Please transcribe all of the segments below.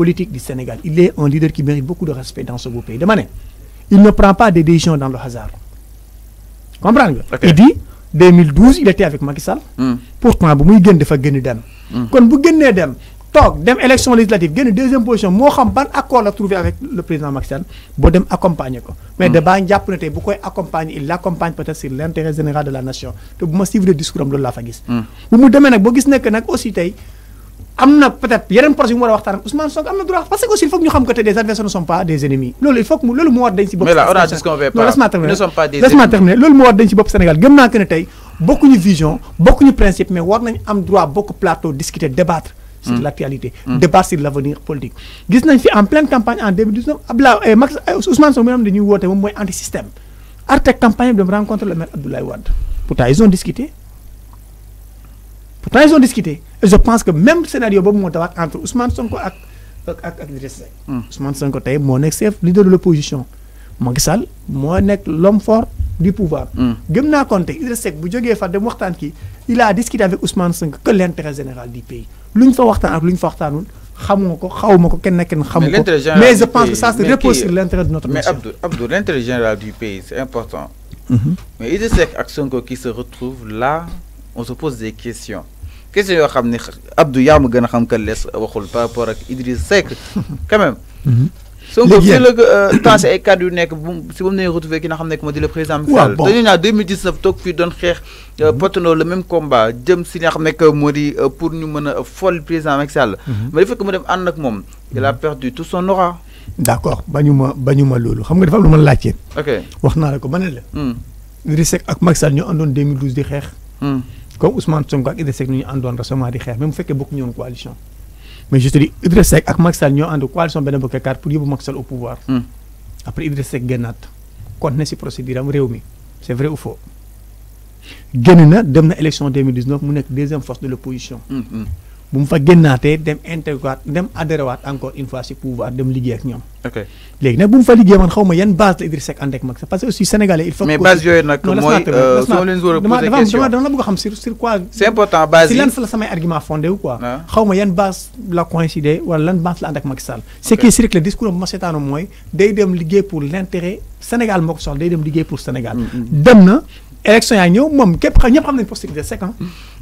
politique du Sénégal. Il est un leader qui mérite beaucoup de respect dans ce beau pays. De manière, il ne prend pas des décisions dans le hasard. Comprends okay. Il dit, 2012, il était avec Macky Sall. Mm. Pourtant, si il dafa gagner dem. Hmm. Kon bu gagnez dem, tok dem élection législative, gagne deuxième position, mo xam ban accord la trouvé avec le président Macky Sall, bo dem accompagner Mais hmm. de ba japp ne beaucoup bu koy accompagner, il l'accompagne peut-être sur l'intérêt général de la nation. Te bu suivre le discours de la fa gis. Hmm. Bu mu démé nak bo gis aussi tay amna peut-être yeneen projet yu mu war a waxtaan Ousmane Sonko am na droit parce que aussi il faut que ñu xam que te des adversaires ne sont pas des ennemis loolu il faut que mu loolu moo war dañ si bopp. mais là on a dit qu'on veut pas. non sont pas des laisse-moi terminer loolu moo war dañ si bopp Sénégal gëm naa que ne tey bokkuñu vision bokkuñu principe mais war nañ am droit bokk plateau discuter débattre. sur hmm. l'actualité. Hmm. débat sur l'avenir politique. gis nañ fi en pleine campagne en 2019 Abdoulaye eh, Macky eh, Ousmane Sonko mi am dañuy woote moom mooy anti système. Artek campagne bi rencontre le maire Abdoulaye Wade pourtant ils ont discuté. Quand ils ont discuté, je pense que même scénario entre Ousmane Sonko et ak hmm. Ousmane Sonko est mon ex chef leader de l'opposition. Moi, Macky Sall l'homme fort du pouvoir. Hmm. Gemna Seck il a discuté avec Ousmane Sonko que l'intérêt général du pays L'une fois fa ak l'autre. mais je pense que ça se repose sur l'intérêt de notre nation. mais Abdou l'intérêt général du pays c'est important. Mm-hmm. mais Idrissa Seck ak Sonko qui se retrouvent là on se pose des questions. question yoo xam ne Abdou yaa ma gën a xam que lees waxul par rapport ak Idriss Seck quand même. Mhm. Sonko fii la euh, taase ay cadres yu nekk bu si ba mu nee retrouvé ki xam nekk moo di le président Macky Sall dañu naa 2019 toog fii doon euh, mhm. xam nekk moo di euh, pour ñu mën a fol président Macky Sall mhm. mais dafa fekk mu dem ànd moom il a perdu tout son aura d' accord bañu ma ma loolu xam nga dafa am lu ma laajte ok wax naa la ko ba ne la hmm. Idriss Seck ak Macky Sall ñoo àndoon di xeex hmm. comme Ousmane Sonko ak nous Seck ñu àndoon récemment di xex même beaucoup fekkee coalition mais je te dis Idriss Seck ak Macky Sall ñoo ànd coalition benn Bokk carte pour yobu Macky Sall au pouvoir hmm. après Idriss Seck génnaat ne ci procédure am réew mi vrai ou faux hmm. genn na dem na élection 2019 mu nek deuxième force de l'opposition. Hmm, bu mu fa génnaatee dem intégrewaat dem adhéré waat encore une fois si pouvoir dem liggéey ak ñoom. ok léegi nag bu mu fa liggéey man xaw ma yan base la Idriss Seck ànd ak mag sax parce que euh, a poser a xam si lan fa la samay argument fondé wu xaw ma yan base la coïncider wala lan base la ànd ak Macky Sall. ce qui est bu ma seetaanu mooy day dem liggéey pour l'intérêt Sénégal moo ko soxla day dem liggéey pour Sénégal mm-hmm. dem na. élection yaa ñëw mom képp xam ñëpp xam nañ posture de Seck ah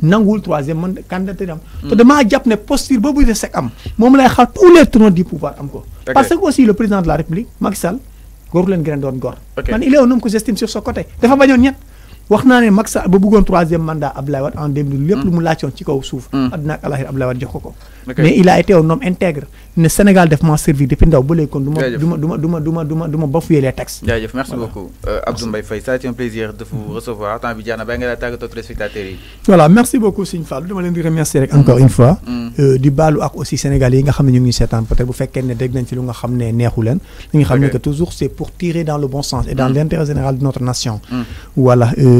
nanguwul troisième man candidature am mm. to dama japp né posture boobu de sec am mom lay xal tous les tournants du pouvoir am ko parce que aussi le président de la république Macky Sall góoru leen gën a doon góor man il est un homme que j'estime sur son côté dafa bañoon ñett waxna naa ne max Sall ba bëggoon troisième mandat Abdoulaye Wade en 2000 lépp lu mu laajoon ci kaw suuf. àdduna hmm. ak alaxir Abdoulaye Wade jox ko ko. mais il a été un homme intègre ne Sénégal def ma servi depuis ndaw ba léegi kon. duma du duma du duma du ma du ma du les textes. voilà jaajëf merci beaucoup euh, Abdou Mbaye Faye ça a été un plaisir de vous recevoir temps bi jaana bàyyi nga daal tàggatoo téléspectateurs yi. voilà merci beaucoup Serigne fall dama leen di remercier rek encore hmm. une fois. Hmm. Euh, di baalu ak aussi Sénégal yi nga xam ne ñu ngi seetaan peut-être bu fekkee ne dégg nañ ci lu nga xam ne neexu leen. li xam ne que toujours c'est pour tirer dans le bon sens et dans l'intérêt général de notre nation. voilà. Euh,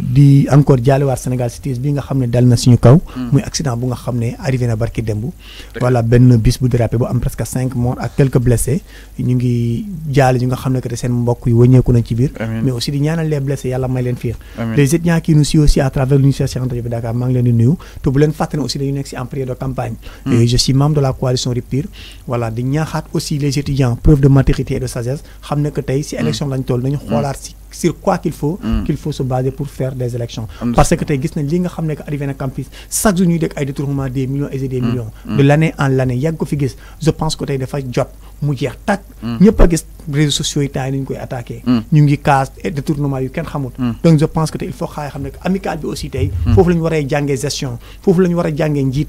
di encore jaalewaat Sénégal senegal cities bi nga xam ne dal na suñu kaw. Hmm. muy accident bu nga xam arrivé na barki dembu voilà ben bis bu drapé bu am presque cinq morts ak quelques blessés ñu ngi jaale ñu nga xam que sen mbokk yi wëñeku nañ ci biir. mais aussi di ñaanal les blessés yalla may leen fiir les étudiants qui nous suivent aussi à travers l'université de Dakar mang leen di nuyu to bu leen fàttali aussi dañu nekk ci en période de campagne. Hmm. je suis membre de la coalition Rupture voilà di ñaaxaat aussi les étudiants preuve de maturité et de sagesse xam que tay si hmm. élection lañ toll nañu xoolaat ci sur quoi qu'il faut hmm. qu'il faut se baser pour faire des élections parce que tu gis na li nga xamné que arrivé na campus chaque jour ñuy dégg ay détournement des millions et des hmm. millions hmm. de l'année en l'année yàgg ko fi gis je pense que tey dafa jot mu jeex tak ñëpp a gis réseaux sociaux yi temps koy attaquer ñu ngi et détournement yu ken xamut donc je pense que il faut xaay xam amical que bi aussi tay fofu lañu ñu jàngé gestion fofu lañu ñu jàngé njit